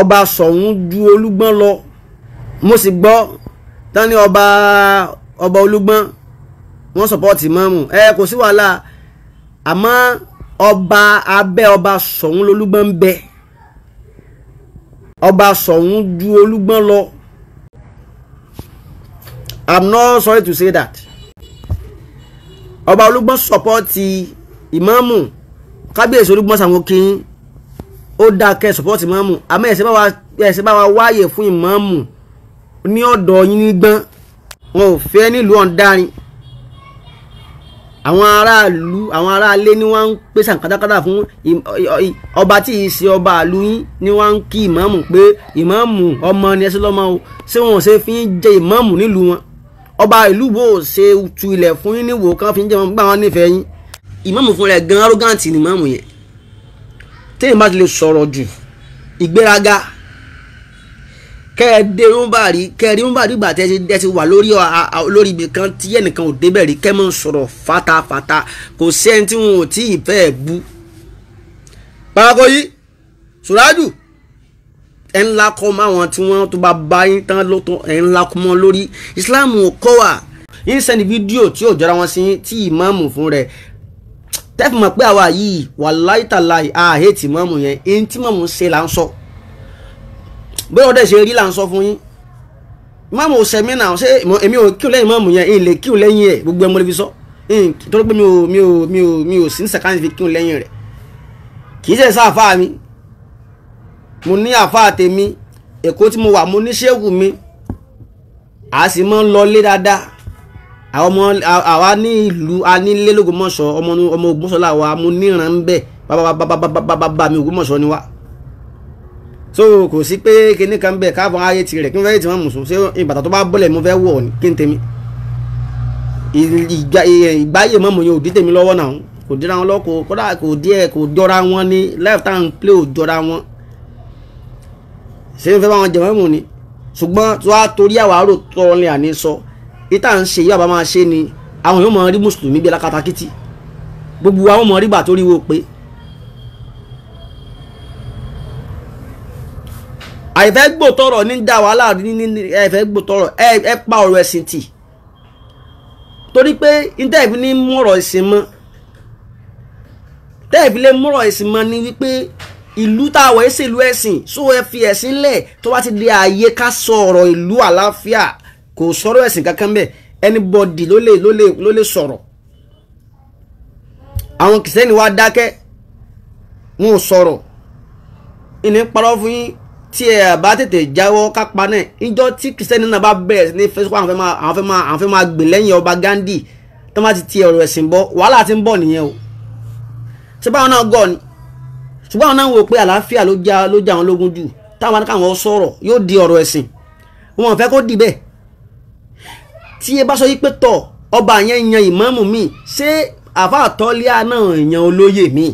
ọba sọ̀hún ju olúgbọ́n lọ mo sì gbọ́ tán ọba ọba olúgbọ́n wọ́n sọ̀pọ́ọ̀tì mọ́mù ẹ kò sí wàhálà àmọ́ ọba abẹ́ ọba sọ̀hún lolúgbọ́n ń bẹ ọba sọ̀hún ju olúgbọ́n lọ i'm not sorry to say that ọba olúgbọ́n sọ̀pọ́ọ̀tì ìmọ̀mù kábíyèsí olúgbọ́n sàwọn kìíní ó dáa kẹ́ support mọ́mù àmọ́ ẹ̀sẹ̀ bá wa ẹ̀sẹ̀ bá wa wáyè fún ìmọ̀ọ́mù ní ọ̀dọ̀ yín nígbọ́n wọn ò fẹ́ nílùú ọ̀ndarin àwọn aráàlú àwọn aráalé ni wọ́n ń pèsè àkàtàkàtà fún ọba tí ì ṣe ọba àlú yín ni wọ́n ń kí ìmọ̀ọ́mù pé ìmọ̀ọ́mù ọmọ ni ẹsẹ̀ lọ́mọ o ṣé wọn ò ṣe fi ń jẹ ìmọ̀ọ́mù nílùú wọn ọba ìlú wo ṣe tu ilẹ̀ fún yín níwò kan fi ń jẹ wọn gbà wọn nífẹ̀ẹ́ yín ìmọ̀ọ́mù fúnra ẹ̀ gan arrogant ni ìmọ̀ọ́mù yẹn téèyàn bá ti lè sọ̀rọ̀ jù ìgbéraga kẹ́ẹ̀dé rúmbàrí kẹ́ẹ̀dé rúmbàrí gbà tẹ́ ẹ ti wà lórí lórí ibì kan tí ẹnìkan ò débẹ̀ rí kẹ́ mọ̀ sọ̀rọ̀ fatafata kò sí ẹni tí wọn ò tí ì fẹ́ bu. pàákó yìí sùrájù ẹ̀ ń lakọ́ mọ́ àwọn tí wọ́n tó bá bá yín tán ló tó ẹ̀ ń lakọ́ mọ́ lórí Islam kọ́ wa yín sẹ́ni fídíò tí ò jọra wọn sí tí ìmáàmù fún rẹ̀ tẹ́fì mọ̀ pé àwa yìí wàláì tàláì àhẹ́ tí mọ̀mù yẹn ẹni tí mọ̀mù ṣe là ń sọ bẹ́ẹ̀ ọdẹ ṣe rí là ń sọ fún yín mọ̀mù ṣẹ̀mí náà ṣé èmi ò kí o lẹ́yìn mọ̀mù yẹn ìlè kí o lẹ́yìn ẹ̀ gbogbo ẹmọ lè fi sọ torí pé mi ò mi ò mi ò mi ò sí ní sàkáńtì fi kí o lẹ́yìn rẹ̀ kì í ṣe sáfà mi mo ní àfà tèmi èkó tí mo wà mo ní ṣéwù mi àá àwọn ọmọ àwa ní ìlú anilélógúnmọ̀ṣọ́ ọmọ ọmọ Ògbómọ̀ṣọ́ làwa mo níran ń bẹ̀ bàbàbàbàbàbà mi Ògbómọ̀ṣọ́ ni wá so kò sí pé kinní kan bẹ̀ káàbọ̀ ayé tirẹ̀ kí n fẹ́ tí wọ́n mú sùn ṣé ìbàtà tó bá bọ́lẹ̀ mo fẹ́ wọ̀ ni kí n tèmi ìgbáyé mọ́mọ́ yẹn ò dí tèmi lọ́wọ́ náà kò dira wọn lọ kódà kò díẹ̀ kò jọra wọn ní life play ò jọra wọn ṣùgbọ́n tó a torí àwárò tọ́ ni àní sọ ìta ń ṣe yóò bá máa ṣe ni àwọn yóò máa rí mùsùlùmí bí alákatakítí gbogbo àwọn máa rí gbà tó rí wo pé àìfẹ́ gbòtọ̀rọ̀ ní dá wàhálà ní ẹ̀fẹ́ gbòtọ̀rọ̀ ẹ pa ọ̀rọ̀ ẹ̀sìn tì torí pé intanet ní mú ọ̀rọ̀ ẹ̀sìn mọ́ tẹ́ẹ̀fì lè mú ọ̀rọ̀ ẹ̀sìn mọ́ ni wípé ìlú tá a wọ̀ ẹ́ sèlú ẹ̀sìn so ẹ fi ẹ̀sìn lẹ̀ tó bá ti di ààyè ká sọ ọ̀rọ̀ ìlú àlàáfíà kò sọ̀rọ̀ ẹ̀sìn kankan bẹ́ẹ̀ anybody ló lè ló lè ló lè sọ̀rọ̀ àwọn kìsẹ́ni wa dákẹ́ wọn ò sọ̀rọ̀ ìní parọ́ fún yín tí ẹ bá tètè jáwọ́ kápá náà ìjọ tí kìsẹ́ni náà bá bẹ̀rẹ̀ sí ní fẹsùkọ́ àwọn fẹ́ máa àwọn fẹ́ máa àwọn fẹ́ máa gbìn lẹ́yìn ọba Gandhi tó má ti ti ọ̀rọ̀ ẹ̀sìn bọ́ wàhálà ti ń bọ̀ nìyẹn o ṣé báwọn náà gọ̀ ni ṣùgbọ́n àwọn náà wò pé àlàáfíà ló já ló já àwọn lógún jù táwọn káwọn sọ̀rọ̀ yóò di ọ̀rọ̀ ẹ̀sìn wọn fẹ́ kó di bẹ́ẹ̀ tí ẹ bá sọ yí pé tọ̀ ọba yẹn yan ìmáàmù mi ṣé àfáà tọ́líà náà yan olóyè mi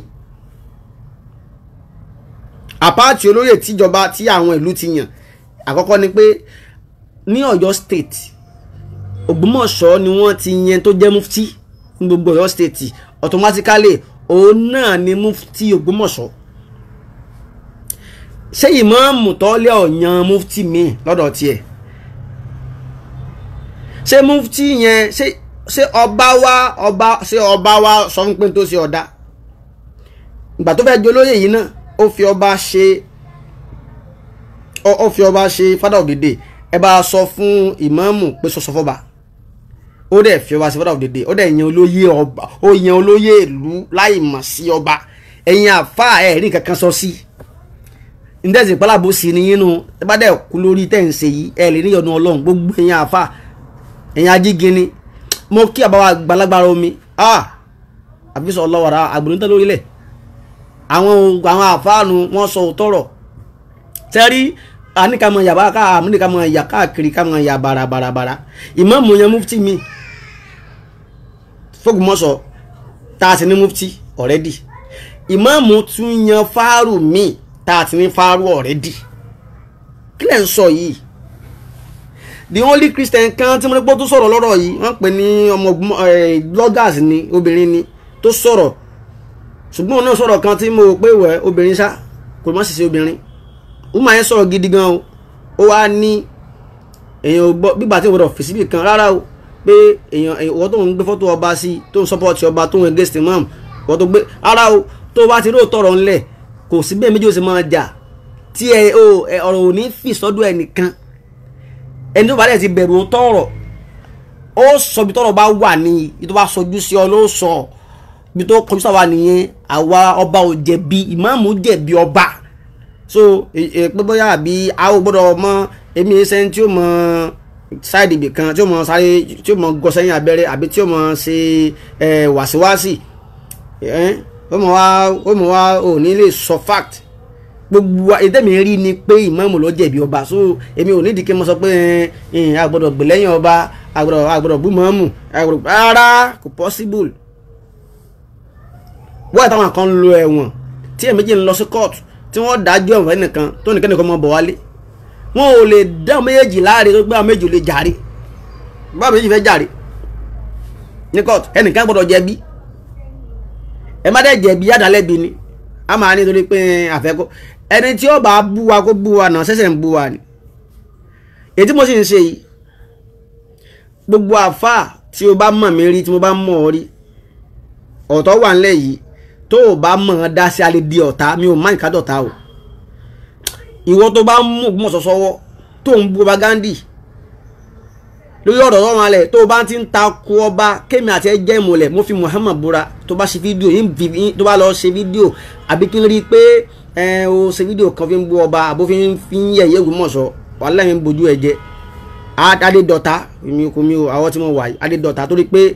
àpáàtì olóyè tíjọba tí àwọn ìlú ti yàn àkọ́kọ́ ni pé ní Ọ̀yọ́ state Ògbómọ̀ṣọ́ ni wọ́n ti yẹn tó jẹ́ mufti ní gbogbo Ọ̀yọ́ state automatically òun náà ni mufti Ògbómọ̀ṣọ́ ṣé ìmáàmù tọ́líà ó yan mufti mi lọ́dọ̀ tiẹ̀ ṣé mufti yẹn ṣé ọba wa ọba ṣé ọba wa sọ fún pé tó ṣe ọ̀dà ìgbà tó fẹ́ jolóyè yìí náà ó fi ọba ṣe ó fi ọba ṣe fada òdèdè ẹ bá sọ fún ìmáàmù pé sọsọ fọba ó dẹ̀ fi ọba ṣe fada òdèdè ó dẹ̀ yan olóyè ọba ó yan olóyè ìlú láì mọ̀ sí ọba ẹ̀yin àfa ẹ̀rí kankan sọ sí ǹdẹ́sìn pálábó sí ni yín nu ẹ bá dẹ̀ kú lórí tẹ̀ ń ṣe yìí ẹ̀ lè níyọnu ọlọ́run gbogbo ẹ̀yin àfa ẹ̀yin ajígini mo kí àbáwá gbalagbára omi ah! àfisọ ọlọ́wọ́ra àgbòrúntà lórílẹ̀ àwọn àwọn àfáànù wọn sọ òtọ́rọ̀ tẹ́rí àníkàmọ̀ yàbá ká àmúnikàmọ̀ yà káàkiri kàmọ̀ yà bàràbàràbàrà ìmáàmù yẹn mufti mi fógùmọ́sọ tá a sì ní mufti ọ̀rẹ́dì ìmáàmù tún yan fáàrù mi tá a ti ní fáàrù ọ̀rẹ́dì kílẹ̀ ń sọ yìí the only christian kan tí mo ní pọ́ tó sọ̀rọ̀ lọ́rọ̀ yìí wọ́n pè ní ọmọ eh, bloggers ni obìnrin ni tó sọ̀rọ̀ ṣùgbọ́n òun náà sọ̀rọ̀ kan tí mo pé wẹ̀ obìnrin ṣá kò mọ̀ ṣiṣẹ́ obìnrin wúmọ̀ yẹn sọ̀rọ̀ gidi gan o ó wá ní èèyàn gbọ́ gbígbà tí òwúrọ̀ fèsì bì kan rárá o pé èèyàn ìwọ tó ń gbé fọ́tò ọba sí tó ń sọ́pọ̀tì ọba tó ń against imam ìwọ tó gbé rárá o tó bá ti rí òótọ́ ọ̀rọ̀ ńlẹ̀ kò sí bẹ́ẹ̀ méjì ó sì máa jà tí ẹ ọ̀rọ̀ ò ní fì sọ́dọ̀ ẹnìkan ẹni tó bá dẹ̀ ti bẹ̀rù ó tọ̀rọ̀ ó sọ ibi tọ̀rọ̀ bá wà ní ibi tó bá sọjú sí ọ ló sọ ibi tó kọjú sáwa nìyẹn àwa ọba ò jẹ̀bi ìmáàmù jẹ̀bi ọba so pé bóyá àbí a ò gbọ́dọ̀ mọ èmi ẹsẹ̀ tí ó mọ sáìdì ibì kan tí ó mọ sáré tí ó mọ gọ́sẹ́yìn abẹ́rẹ́ àbí tí ó mọ ṣe wàsíwàsí ó mọ wá ó mọ wá ò ní lè sọ fact gbogbo ẹ̀dẹ́mi rí ni pé ìmáàmù ló jẹ̀bi ọba so èmi ò nídìí kí mo sọ pé àgbọ̀dọ̀ gbẹ̀lẹ́yìn ọba àgbọ̀dọ̀ bú mọ́ọ̀mù àgbọ̀dọ̀ rárá kò possible. wọ́n àtàwọn kan ń lo ẹ̀wọ̀n tí ẹ̀ méjì ń lọ sí court tí wọ́n dájú ẹ̀wọ̀n nìkan tó nìkan nìkan mọ́ bọ̀ wálé wọn ò lè dá méjèèjì láre tó gbé àwọn méjì lè jàre báwo méjì fẹ́ jàre ní court ẹnìkan gbọ́dọ̀ jẹ̀bi ẹ má dẹ́ jẹ̀bi yàdálẹ́bi ni a máa ní torí pé àfẹ́kọ́ ẹni tí ó bá bú wa kó bú wa náà ṣẹ̀ṣẹ̀ ń bú wa ni èyí mo sì ń ṣe yìí gbogbo àfáà tí o bá mọ̀ mí rí tí mo bá mọ̀ ọ́ rí ọ̀tọ̀ wà ńlẹ̀ yìí tó o bá mọ̀ ọ́ dá sí alẹ́ di ọ̀tá mi ò má nǹka dọ̀tá o ìwọ tó bá mú Ògbómọ̀ṣọ́ sọ́wọ́ tó ń bu bagandi lórí ọ̀rọ̀ ọ̀rọ̀ alẹ̀ tó o bá ti ń ta ku ọba kémi àti ẹjẹ́ ìmọ̀lẹ̀ mo fi Muhammad búra tó bá ṣe fídíò yìí tó bá lọ ṣe fídíò àbí kí n rí i pé ẹ o ṣe fídíò kan fi ń bú ọba àbó fi ń yẹ̀yẹ́ Ògbómọ̀ṣọ́ wàhálà mi ń bojú ẹ jẹ adédọ̀tà mi kò mi ò àwọn tí mo wà yìí adédọ̀tà torí pé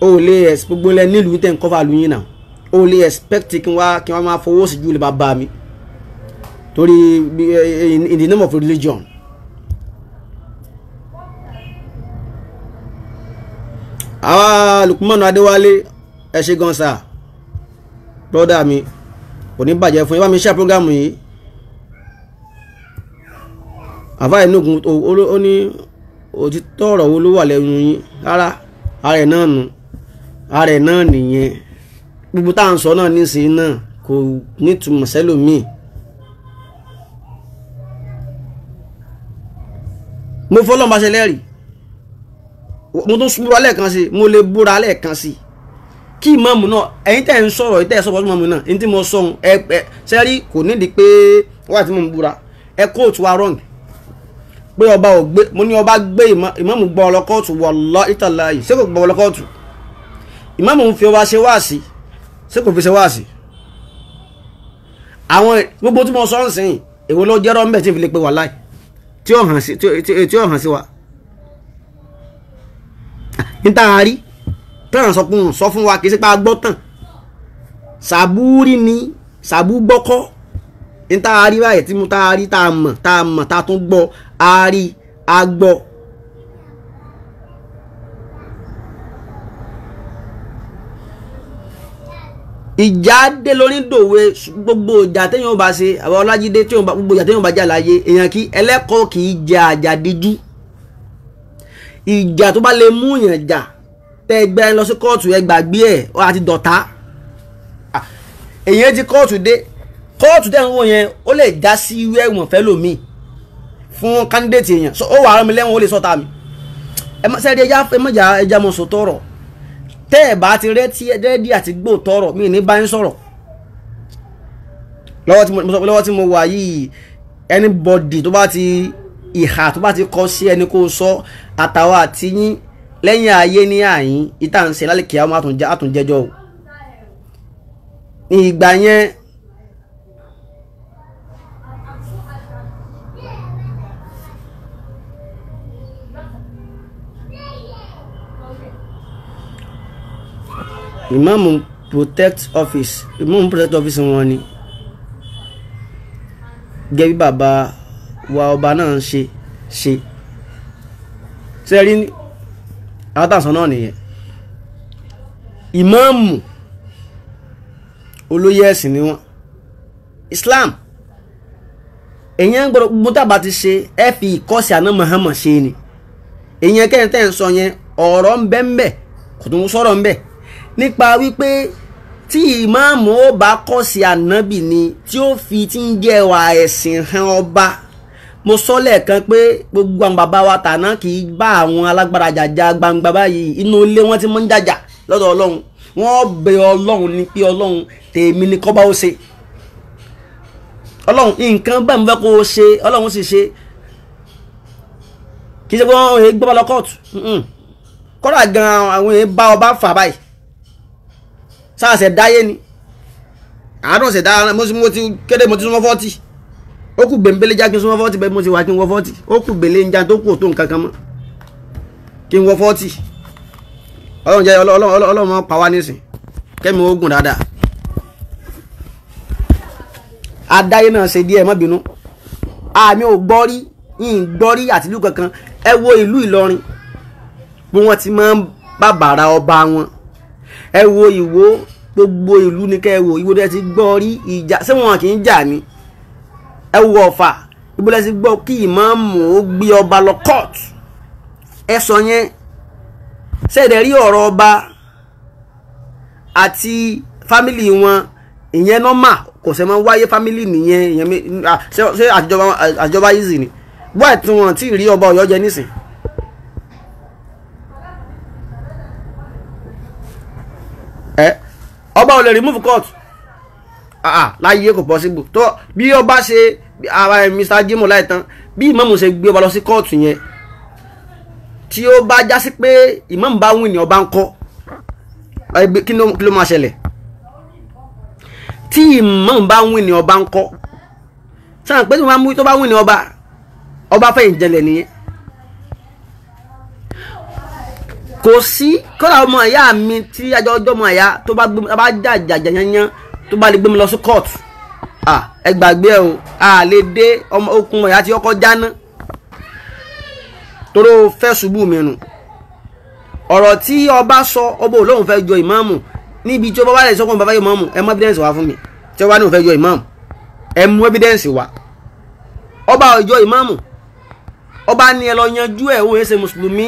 o lè gbogbo ilẹ̀ nílùú tẹ̀ ń kọ́fà lóyún náà o lè expect kí wọ́n kí wọ́n máa fowó sí ju lè bá bá mi torí in the name of religion. àwa Lukman Adéwálé ẹ ṣe gan sa broda mi kò ní bàjẹ́ fún yín bá mi ṣe àpọ́gàmù yìí àbá ìnúgun ó ní òtítọ́ ọ̀rọ̀ wo ló wà lẹ́nu yín rárá ààrẹ náà nù ààrẹ náà nìyẹn gbogbo tá à ń sọ náà nísìnyí náà kò nítumọ̀ sẹ́lòmíì mo fọlọ́n bá ṣe lẹ́rìí mo tún búra lẹ́ẹ̀kan sí mo lè búra lẹ́ẹ̀kan sí kí ìmáàmù náà ẹ̀yin tẹ̀ ń sọ̀rọ̀ ìtẹ̀ sọ̀rọ̀ ìmáàmù náà ní tí mo sọ ohun ẹ ẹ sẹ́rí kò nídìí pé wà tí mo ń búra ẹ kóòtù wa wrong pé ọba ò gbé mo ní ọba gbé ìmáàmù gbọ́ ọ lọ kóòtù wọ̀lọ́ ìtàlá yìí ṣé kò gbọ́ ọ lọ kóòtù ìmáàmù ń fi ọba ṣe wáàsí ṣé kò fi ṣe wáàsí àwọn gbogbo tí mo sọ ń sìn èwo ló jẹ́rọ ń bẹ̀ tí n tán sọ fún sọ fún wa kì í ṣe pé a gbọ́ tán sàbúrí ni sàbú gbọ́kọ́ ní tá a rí báyìí tí mo tá a rí tá a mọ̀ tá a mọ̀ tá a tún gbọ́ a rí a gbọ́. ìjà dé lórí dòwe gbogbo ìjà téèyàn bá ṣe àwọn ọlájídé téèyàn bá gbogbo ìjà téèyàn bá jà láàyè èèyàn kí ẹlẹ́kọ̀ọ́ kì í jẹ àjàdíjú ìjà tó bá lè mú yàn jà. Ja tẹ́ ẹ gbẹ́ ẹ lọ sí kóòtù ẹ gbàgbé ẹ̀ ọ àti dọ̀tá ah, èyí ti kóòtù dé kóòtù tẹ̀ ń wò yẹn ó lè já sí irú ẹ̀wọ̀n fẹ́ lòmíì fún kándídéètì èèyàn ó wà á mi lẹ́wọ̀n ó lè sọ́ta mi sẹ́ẹ̀dì ẹja ẹmọ́jà ẹja mọ̀ sọ tọrọ tẹ́ ẹ̀ bá ti rẹ́tí rẹ́dí àti gbò tọrọ mi ní bá sọ̀rọ̀ lọ́wọ́ tí mo wà yìí anybody tó bá ti ìhà tó bá ti kọ sí ẹni kó sọ àtàwọn àtìyìn lẹ́yìn ayé ní àyín ìta ń ṣe lálẹ́ kíá wọn àtúnjẹjọ́ o ní ìgbà yẹn ìmáàmù protect office ìmáàmù protect office wọn ni gẹ́gẹ́ bàbá wa ọba náà ń ṣe ṣe àwọn tàṣọ náà nìyẹn ìmáàmù olóyè ẹ̀sìn ni wọ́n Islam èyàn gbọ́dọ̀ gbogbo tàbá ti ṣe ẹ fi ìkọ́sí àná Muhammad ṣe ni èyàn kẹ́yìn tẹ́ ń sọ yẹn ọ̀rọ̀ ń bẹ ń bẹ kò tún sọ̀rọ̀ ń bẹ nípa wípé tí ìmáàmù ó bá kọ́sí ànábì ni tí ó fi ti ń jẹ́ wà ẹ̀sìn hàn ọba mo sọ lẹ́ẹ̀kan pé gbogbo àwọn bàbá wa tàná kì í bá àwọn alágbára jàjà gbangba báyìí inú ilé wọn ti mọ́ ń jàjà lọ́dọ̀ ọlọ́run wọ́n bẹ ọlọ́run ní pé ọlọ́run tèmi ni kọ́ bá ó ṣe ọlọ́run nǹkan bá mi fẹ́ kó o ṣe ọlọ́run sì ṣe kì í ṣe pé wọ́n ò gbọ́ lọ kóòtù kọ́dà gan àwọn èèyàn bá ọba fà báyìí sáà ṣẹ̀ dáyé ni àádọ́ ṣẹ̀ dára mo ti kéde mo ti súnmọ́ fọ́tì ó kù gbèǹbélé já kí n súnmọ́ fọ́ọ̀tì bẹ́ẹ̀ mo ti wà kí n wọ fọ́ọ̀tì ó kù gbèlé ń já tó kù tó nǹkan kan mọ́ kí n wọ fọ́ọ̀tì ọlọ́run jẹ́ ọlọ́run pa wá nísìn kẹ́mi ogun dáadáa adáyé náà ṣe díẹ̀ má bínú àmì ò gbọ́ rí yìí gbọ́ rí àtìlú kankan ẹ wo ìlú Ìlọrin bí wọ́n ti máa ń bàbàrà ọba wọn ẹ wo Ìwó gbogbo ìlú ni kẹ́ ẹ wò Ìwó dẹ́ ti gbọ́ ìjà ṣé wọn kì í jà ni ẹ wọ ọ̀fà ìbúlẹ̀ sí gbọ́ kí ìmáàmù ó gbé ọba lọ court ẹ sọ yẹn ṣẹ̀dẹ̀ rí ọ̀rọ̀ ọba àti fámìlì wọn ìyẹn nọ́mà kò sẹ́ máa wáyé fámìlì nìyẹn ìyẹn ṣe àjọba yìí ni wáì tí wọn ti rí ọba Ọ̀yọ́ jẹ nísìn. ọba ò lè remove court Ah, ah, láyé kò possible tó bí ó bá ṣe ah, eh, Mr. Jimo láìtàn bí ìmáàmù ṣe gbé ọba lọ sí kóòtù yẹn tí ó bá jásí pé ìmáàmù bá wìn ní ọba ń kọ́ eh, kí ló máa ṣẹlẹ̀ tí ìmáàmù bá wìn ní ọba ń kọ́ sáà pé tó bá wìn ní ọba ọba fẹ́ ìjẹlẹ̀ nìyẹn kò sí kọ́lá ọmọ ìyá mi tí ajọ́jọ́ ọmọ ìyá tó bá jàjà yányán tó bá lè gbé mi lọ sí court ẹ gbàgbé ẹ o a lè dé ọmọ okùn ẹ̀yà tí ọkọ̀ jáná toró fẹ́ ṣubú mi nù ọ̀rọ̀ tí ọba sọ ọba olóhùn fẹ́ jọ ìmáàmù níbi tí ọba wà lè sọ fún bàbá yìí ìmáàmù ẹ mú evidence wá fún mi tí ọba náà fẹ́ jọ ìmáàmù ẹ mú evidence wá ọba ọjọ ìmáàmù ọba ni ẹ lọ yanjú ẹ òun ẹsẹ mùsùlùmí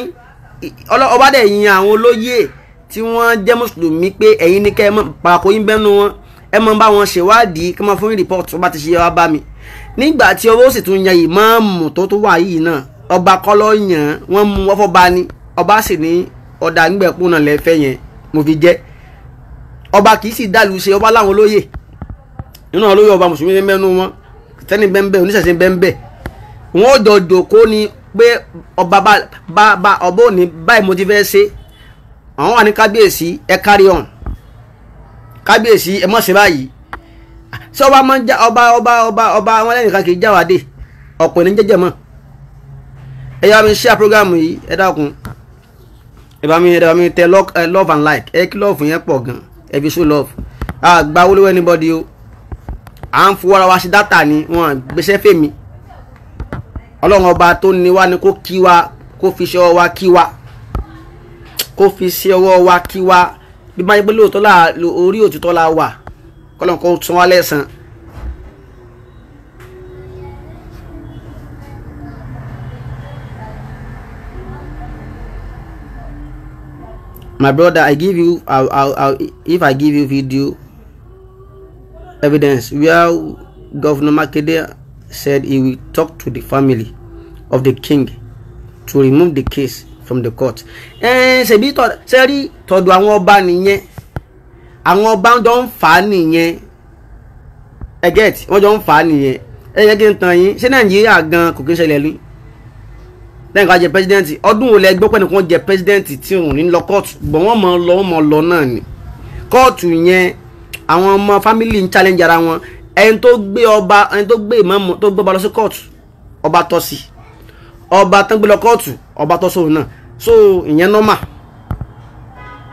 ọba dẹ̀ yin àwọn olóyè tí wọ́n jẹ́ mùsùlùmí pé ẹ̀yin ni kẹ́ ẹ mọ̀ pàkó yín bẹ́nu wọn ẹ mọ bá wọn ṣèwádìí kí wọn fún rìpọ́ọ̀tù tó bá ti ṣe wá bá mi nígbà tí owó sì tún yan ìmáàmù tó tún wà yìí náà ọba kọ́lọ́ yàn wọ́n mú wọ́n fọ́ba ni ọba sì ní ọ̀dà nígbẹ̀kún náà lẹ́fẹ̀ yẹn mo fi jẹ́ ọba kì í sì dàlú ṣe ọba láwọn olóyè nínú àwọn olóyè ọba mùsùlùmí ní mẹ́nu wọn tẹ́ni bẹ́ńbẹ́ oníṣẹ̀ṣe bẹ́ńbẹ́ wọn ò dọ̀dọ̀ kó ni pé ọba bá ọba òní báyìí mo ti fẹ́ ṣe àwọn wà ní kábíyèsí ẹ carry on kábíyèsí ẹ mọ̀ ṣe báyìí ṣé ọba máa ń já ọba ọba ọba ọba wọn lẹ́nìkan kì í jáwádé ọ̀pọ̀ ní jẹ́jẹ́ mọ́ ẹ yá mi share program yìí ẹ dákun ẹ bá mi ẹ bá mi tẹ love eh, and like ẹ kí love yẹn pọ̀ gan ẹ fi show love àgbà wọlé wẹ́ anybody o à ń fowó ara wa sí dátà ni wọn gbèsè fèmí ọlọ́run ọba tó ní wá ni kó kí wa kó fi ṣe ọwọ́ wa kí wa kó fi ṣe ọwọ́ wa kí wa bí bá pé lóòótọ́ la orí òtítọ́ la wà kọ́lọ́n tún wá lẹ́sàn. My brother, I give you, I, I, if I give you video evidence where Governor Makinde said he will talk to the family of the king to remove the case from the court. ẹ ṣèbí tọ́ ṣe rí tọ̀dọ̀ àwọn ọba nìyẹn àwọn ọba jọ ń fà á nìyẹn ẹ get wọ́n jọ ń fà á nìyẹn ẹ yẹ kí n tàn yín ṣé nàìjíríà gan kò kí n ṣẹlẹ̀ ní lẹ́yìn ká jẹ pẹ́sidẹ́ǹtì ọdún wo lẹ gbọ́ pẹ́ nìkan jẹ pẹ́sidẹ́ǹtì tí òun ní lọ kóòtù gbọ́n wọ́n mọ̀ lọ wọ́n mọ̀ lọ náà ni kóòtù yẹn àwọn ọmọ fámìlì ń challenge ara wọn ẹni tó gbé ọba ẹni tó gbé ìmáàmù tó gbé ọba lọ sí kóòtù ọba tọ́ sí ọba tó gbé lọ kóòtù ọba tọ́ sóun náà so ìyẹn normal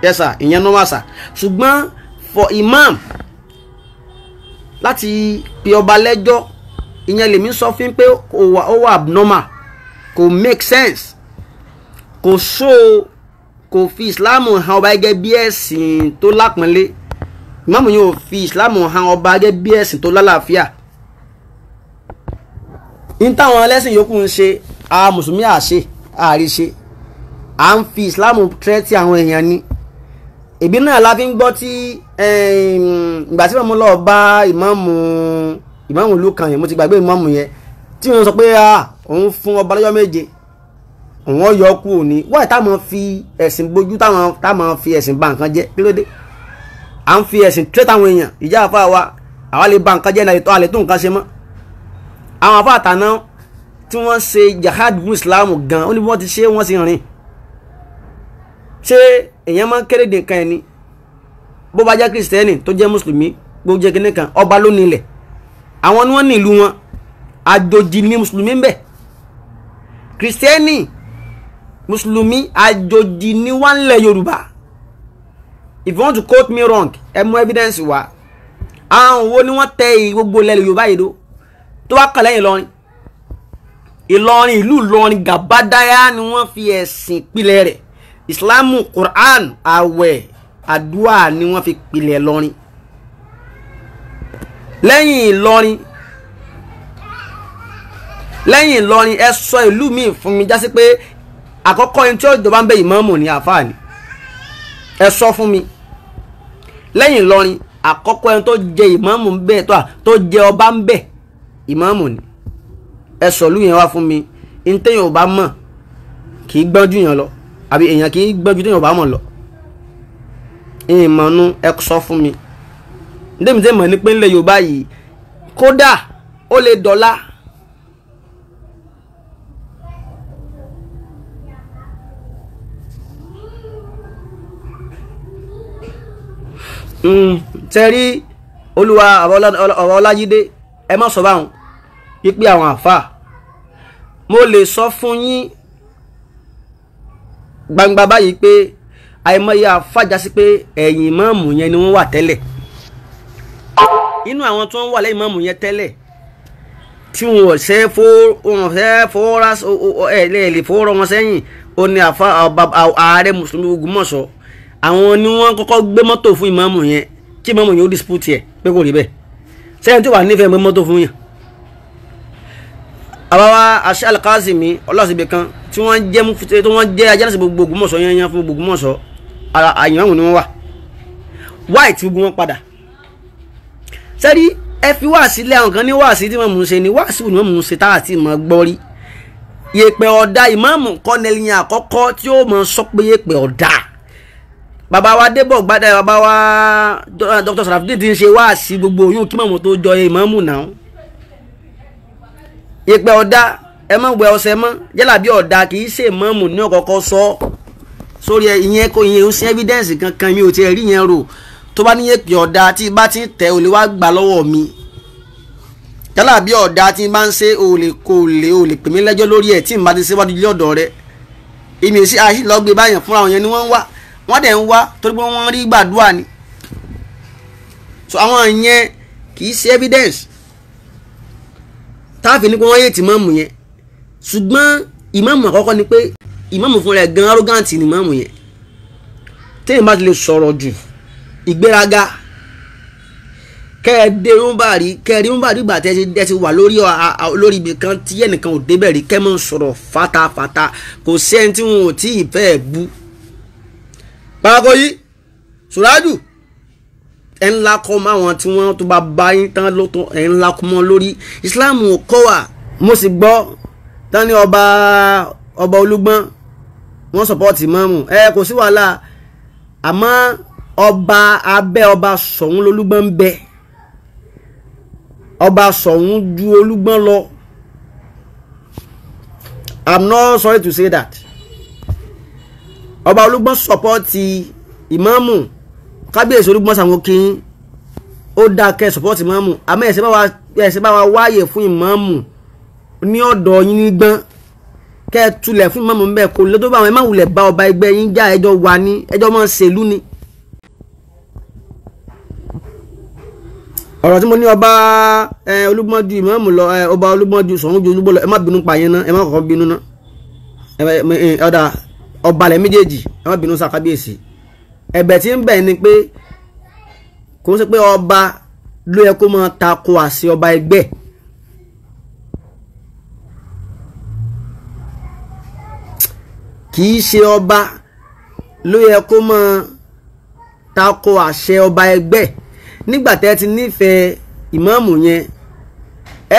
yes sir ìyẹn normal sir ṣùgbọ́n for imam láti pe ọba lẹ́jọ́ ìyẹn lèmi sọ fún pé ó wà ó wà abnormal kò make sense kò so kò fi ìsìláàmù han ọba gẹ́gẹ́ bí ẹ̀sìn tó lápọ́nlé ìmáàmù yìí ò fi ìsìláàmù han ọba gẹ́gẹ́ bí ẹ̀sìn tó lálàáfíà ní táwọn ẹlẹ́sìn yòókù ń ṣe a mùsùlùmí àṣe àríṣe à ń fi ìsìláàmù tẹ́tí àwọn èèyàn ni ìbí náà la fi ń gbọ́ tí ìgbà tí màmú lọ bá ìmáàmù ìmáàmù ìlú kan yẹn mo ti gbàgbé ìmáàmù yẹn tí wọ́n sọ pé òun fún ọba lọ́jọ́ méje òun ọ̀yọ́ kú òní wáyé táwọn fi ẹ̀sìn bójú táwọn fi ẹ̀sìn bà nǹkan jẹ́ kílódé à ń fi ẹ̀sìn tírẹ́tà àwọn èèyàn ìjà àfa wa àwa lè bà nǹkan jẹ́ ní àlè tó nǹkan ṣe mọ́ àwọn àfa àtàná tí wọ́n ṣe jihad muslim gan ó ní bí wọ́n ti ṣe wọ́n sì rìn ṣé èèyàn máa ń kéré de nǹkan ẹni bó bá jẹ́ kristẹni tó jẹ́ mùsùlùmí bó jẹ́ kíní kan ọba ló nílẹ̀ àwọn ni wọ́n ní ìlú wọn àjòjì ni mùsùlùmí ń bẹ kristẹni mùsùlùmí àjòjì ni wọ́n ń lẹ̀ yorùbá if you want to quote me wrong ẹ mú evidence wá àwọn wo ni wọ́n tẹ gbogbo ilẹ̀ yorùbá yìí dó tó wá kàn lẹ́yìn ìlọrin ìlú ìlọrin gàbádáyà ni wọ́n fi ẹ̀sìn pilẹ̀ rẹ̀ ìsìláàmù quran àwẹ̀ àdúà ni wọ́n fi pilẹ̀ lọ́rin lẹ́yìn ìlọrin lẹ́yìn ìlọrin ẹ sọ ìlú míì fún mi jásí pé àkọ́kọ́ ẹni tí ó jọba ń bẹ ìmáàmù ní àfáàní ẹ sọ fún mi lẹ́yìn ìlọrin àkọ́kọ́ ẹni tó jẹ ìmáàmù ń bẹ tó à tó jẹ ọba ń bẹ ìmáàmù ni ẹ sọ ìlú yẹn wá fún mi ntẹ́yìn ò bá mọ̀ kì í gbọ́njú yẹn lọ àbí èèyàn kì í gbẹ́jú téèyàn bá mọ̀ lọ ìmọ̀nù ẹ sọ fún mi ndémìtẹ́ mọ̀ ní pé ńlẹ̀ Yorùbá yìí kódà ó lè dọ́là tẹ́rí hmm, olúwa ọ̀rọ̀ ọlájídé ẹ má sọ báwọn pípé àwọn àfà mo lè sọ fún yín gbangba báyìí pé àìmọye àfàjásí pé ẹ̀yìn mọ́ọ̀mù yẹn ni wọ́n wà tẹ́lẹ̀ inú àwọn tó ń wà lẹ́yìn mọ́ọ̀mù yẹn tẹ́lẹ̀ tí wọn ṣe fọ́ra ẹ̀ lè fọ́ra wọn sẹ́yìn ó ní ààrẹ mùsùlùmí Ògbómọ̀ṣọ́ àwọn ni wọ́n kọ́kọ́ gbé mọ́tò fún ìmọ̀ọ̀mù yẹn kí ìmọ̀ọ̀mù yẹn ó dispute ẹ̀ pé kò rí bẹ́ẹ̀ sẹ́yìn tí wàá nífẹ̀ẹ́ mọ́tò fún yàn àbáwá aṣẹ́ alikazimi ọlọ́sibẹ̀ kan tí wọ́n jẹ́ mufute tí wọ́n jẹ́ ajálẹ̀sẹ̀ gbogbo Ògbómọ̀ṣọ́ yẹnyẹn fún gbogbo Ògbómọ̀ṣọ́ ara ni wọ́n wà wáì gbogbo wọn padà sẹ́rí ẹ fi wáàsí lé àwọn kan ní wáàsí tí wọ́n mú un ṣe ni wáàsí ni wọ́n mú un ṣe tá àti mọ̀ gbọ́ rí yèpẹ̀ ọ̀dà ìmáàmù kọ́nẹ́lì yẹn àkọ́kọ́ tí ó mọ̀ sọ pé yèpẹ̀ ọ̀dà bàbá wa débọ̀ gbádà bàbá wa dr sarafudin ti ń ṣe wáàsí gbogbo oyún kí mọ̀mọ́ tó jọ ìmáàmù náà ìpẹ́ ọ̀dá ẹ mọ̀ wẹ ọsẹ mọ́ jálàbí ọ̀dá kì í ṣe mọ́ọ̀mù ní ọ̀kọ̀ọ̀kọ̀ sọ sórí ìyẹn kò ìyẹn ò sí evidence kankan mi ò tiẹ̀ rí yẹn rò tó bá níyẹn pè ọ̀dá tí bá ti tẹ̀ ò lè wá gbà lọ́wọ́ mi jálàbí ọ̀dá tí bá ń ṣe ò lè kò lè ò lè pè mí lẹ́jọ́ lórí ẹ̀ tí n bá ti ṣèwádìí ilé ọ̀dọ̀ rẹ èmi èsì àṣì lọ́gbé báyẹn fúnra wọn yẹn ni wọ́n ń wá wọ́n dẹ̀ ń wá torí pé wọ́n rí gbàdúrà ni so àwọn yẹn kì í ṣe evidence táàfin ní pé wọ́n yé ti mọ́ọ̀mù yẹn ṣùgbọ́n ìmáàmù àkọ́kọ́ ni pé ìmáàmù fúnra ẹ̀ gan arrogant ni ìmáàmù yẹn téèyàn bá ti lè sọ̀rọ̀ jù ìgbéraga kẹ́ẹ̀dé rúmbàrí kẹ́ẹ̀rí rúmbàrí ìgbà tẹ́ ẹ ti wà lórí lórí ibi kan tí ẹnìkan ò débẹ̀ rí kẹ́ mọ́ ń sọ̀rọ̀ fatafata kò sẹ́ni tí wọn ò tí ì fẹ́ bú. pàákó yìí sùrájù ẹ̀ ńlá kọ́ mọ́ àwọn tí wọ́n tó bá bá yín tán ló tó ńlá kọ́ mọ́ lórí Islam kọ́ wa mo sì gbọ́ tán ní ọba ọba Olúgbọ́n wọ́n sọ̀pọ́ọ̀tì mọ́mù ẹ kò sí wàhálà àmọ́ ọba abẹ́ ọba Ṣọ̀ún lolúgbọ́n bẹ ọba Ṣọ̀ún ju Olúgbọ́n lọ I'm not sorry to say that ọba Olúgbọ́n sọ̀pọ́ọ̀tì ìmọ̀mù kábíyèsí Olúgbọ́n Ṣàngó kí yín ó dáa kẹ́ support àmọ́ ẹ̀sẹ̀ bá wa ẹ̀sẹ̀ bá wa wáyè fún ìmáàmù ní ọ̀dọ̀ yín nígbọ́n kẹ́ ẹ tulẹ̀ fún ìmáàmù ń bẹ̀ kó lọ́dọ̀ bá wọn ẹ má wulẹ̀ bá ọba ẹgbẹ́ yín já ẹjọ́ wa ní ẹjọ́ mọ́ ṣèlú ni. ọ̀rọ̀ tí mo ní ọba Olúgbọ́n ju ìmáàmù lọ ọba Olúgbọ́n ju Ṣàngó ju lọ ẹ má bínú pa yẹn ná ẹ má kọ́kọ́ bínú ná ọ̀dà ọbalẹ̀ méjèèjì ẹ má bínú sa ẹ̀bẹ̀ tí ń bẹ̀ ni pé kò ń sọ pé ọba ló yẹ kó máa tako àṣẹ ọba ẹgbẹ́ kì í ṣe ọba ló yẹ kó máa tako àṣẹ ọba ẹgbẹ́ nígbà tẹ́ ti nífẹ̀ẹ́ ìmáàmù yẹn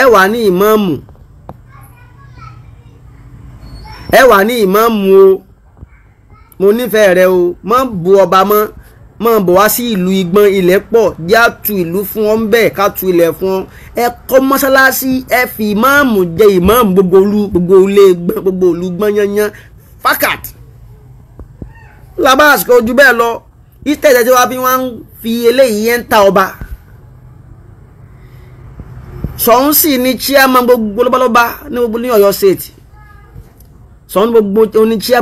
ẹ wà ní ìmáàmù ẹ wà ní ìmáàmù o mo nífẹ̀ẹ́ rẹ o mọ́ bu ọba mọ́ mọ́ bọ̀ wá sí ìlú igbọ́n ilẹ̀ pọ̀ já tu ìlú fún ọ ń bẹ̀ ká tu ilẹ̀ fún ọ ẹ kọ́ mọ́sálásí ẹ fi ìmáàmù jẹ ìmáàmù gbogbo olú gbogbo olé gbọ́n gbogbo olú gbọ́n yányán fakat labas kò ju bẹ́ẹ̀ lọ ìtẹ̀tẹ̀ tí wàá fi wá ń fi eléyìí yẹn ń ta ọba sọ̀hún sì ni chairman gbogbo lọ́balọ́ba ní gbogbo ní Ọ̀yọ́ state sọ̀n gbogbo oníṣẹ́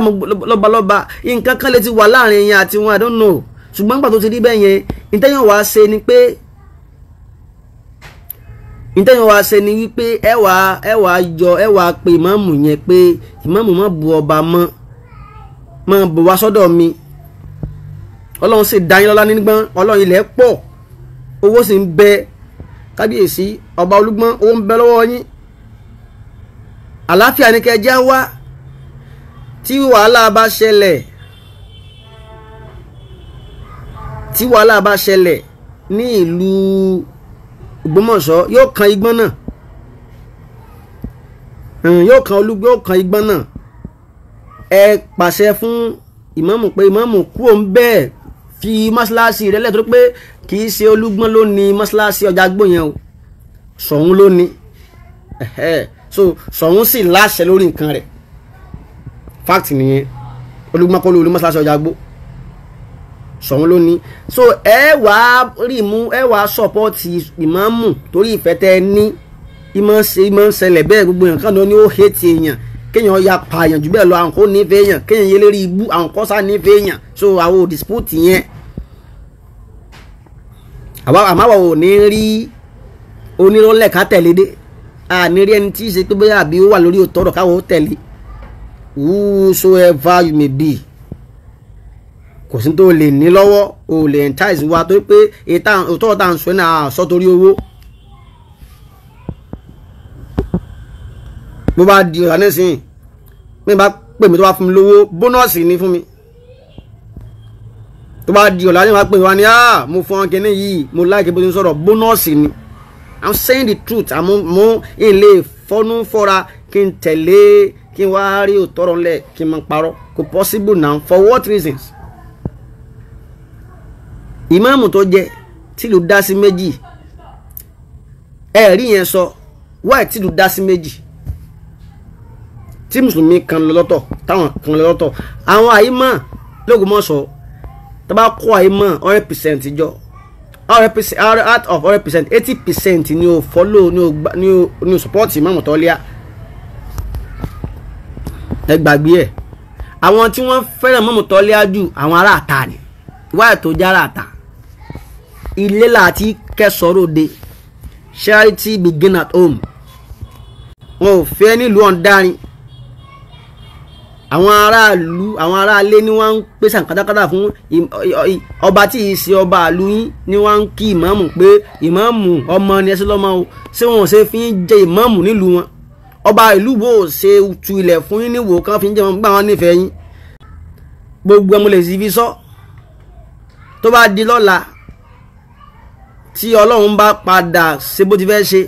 lọ́balọ́ba nǹkan kan lè ti wà láàrin yẹn àti wọn I don't know ṣùgbọ́n nígbà tó ti rí bẹ́ẹ̀ yẹn ìtẹ́yìn wàá ṣe ni pé ìtẹ́yìn wàá ṣe ni wípé ẹ wàá ẹ wàá yọ ẹ wàá pe ìmáàmù yẹn pé ìmáàmù má bu ọba mọ́ má bọ̀ wá sọ́dọ̀ mi ọlọ́run sì dá yín lọ́lá nígbọ́n ọlọ́run ilẹ̀ pọ̀ owó sì ń bẹ kábíyèsí ọba olúgbọ́n owó ń bẹ lọ́wọ́ yín àlàáfíà ni kẹjá wá tí wàhálà bá ṣẹlẹ̀ tí wàhálà bá ṣẹlẹ̀ ní ìlú Ògbómọ̀ṣọ́ yóò kan igbọ́n náà yóò kan olúgbé yóò kan igbọ́n náà ẹ pàṣẹ fún ìmáàmù pé ìmáàmù kúrò ń bẹ́ẹ̀ fi mọ́ṣáláṣí rẹ lẹ́tọ́ pé kì í ṣe olúgbọ́n ló ní mọ́ṣáláṣí ọjà gbòyàn o Ṣọ̀ún ló ní so Ṣọ̀ún sì láṣẹ lórí nǹkan rẹ̀ fact nìyẹn olùgbọ́nkọ́ ló olùmọ́sáṣọ ọjà gbó sọ̀hún ló ní so ẹ wà á rí mú ẹ wà á sọ̀pọ́ọ̀tì ìmáàmù torí ìfẹ́ tẹ ẹ ní ìmọ̀ ń ṣẹlẹ̀ bẹ́ẹ̀ gbogbo èèyàn kan ló ó hẹ́ẹ̀tì èèyàn kéèyàn ya pààyàn jù bẹ́ẹ̀ lọ àwọn kò nífẹ̀ẹ́ èèyàn kéèyàn yé lérí ibú àwọn kọ́sà nífẹ̀ẹ́ èèyàn so àwọn dispute yẹn àmọ́ àwọn ò ní rí onírọ́lẹ̀ ká tẹ̀lé dé àní rí ẹni tí ì ṣe pé bóyá àbí ó wà lórí òtọ́rọ̀ káwọn tẹ̀lé whosoever you may be kò sí tó lè ní lọ́wọ́ o lè entice wa torí pé òtọ́ tá à ń sọ ní àṣọ torí owó bó bá di ọ̀rá nísìnyí mi bá pè mí tó bá fún mi lówó bónọ́ọ̀sì ni fún mi tó bá di ọ̀la ní wàá pè wá ní ah mo fún ọ́n kínní yìí mo láìké bó ti ń sọ̀rọ̀ bónọ́ọ̀sì ni i'm saying the truth àmọ́ mo ń lè fọ́nú fọ́ra kí n tẹ̀lé kí n wá rí òtọ́rọ̀ ńlẹ̀ kí n máa parọ́ kò possible now for what reasons. ìmáàmù tó jẹ tìlú dá sí méjì ẹ̀rí yẹn sọ wáì tìlú dá sí méjì tí mùsùlùmí kan lọ lọ́tọ̀ táwọn kan lọ lọ́tọ̀ àwọn àyímọ̀ lÓgbómọ̀ṣọ́ tó bá kó àyímọ̀ hundred percent jọ out of hundred percent eighty percent ni o follow ni o support ìmáàmù tó lẹ́yà ẹ gbàgbé ẹ̀ àwọn tí wọ́n fẹ́ràn mọ́mù tọ́lẹ́à jù àwọn aráàta ni wáyà tó jẹ́ aráàta ilé láti kẹsọ̀rọ̀ de charity begin at home wọn ò fẹ́ nílùú ọ̀ndarin àwọn aráàlú àwọn aráalé ni wọ́n ń pèsè àkàtàkàtà fún ọba tí ì ṣe ọba àlú yín ni wọ́n ń kí ìmáàmù pé ìmáàmù ọmọ ni ẹ sí lọ́mọ o ṣé wọn ò ṣe fi ń jẹ ìmáàmù nílùú wọn ọba ìlú wo ṣe tu ilẹ̀ fún yín níwò kan fi ń jẹun gbà wọn nífẹ̀ẹ́ yín gbogbo ẹ̀ mo lè sì fi sọ tó bá di lọ́la tí ọlọ́run bá padà ṣe bó ti fẹ́ ṣe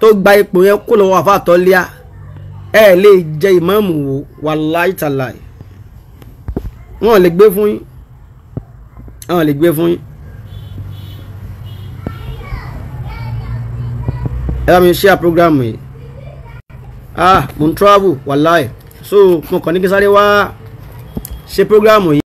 tó gba ipò yẹn kó lọ́wọ́ àfàtọ́ lẹ́à ẹ lè jẹ ìmáàmù wò wàláì tàláì wọn lè gbé fún yín wọn lè gbé fún yín. ẹ bá mi ṣe à yìí ah mo ń travel wàláì so mo kàn ní kí sáré wá ṣe programu yìí.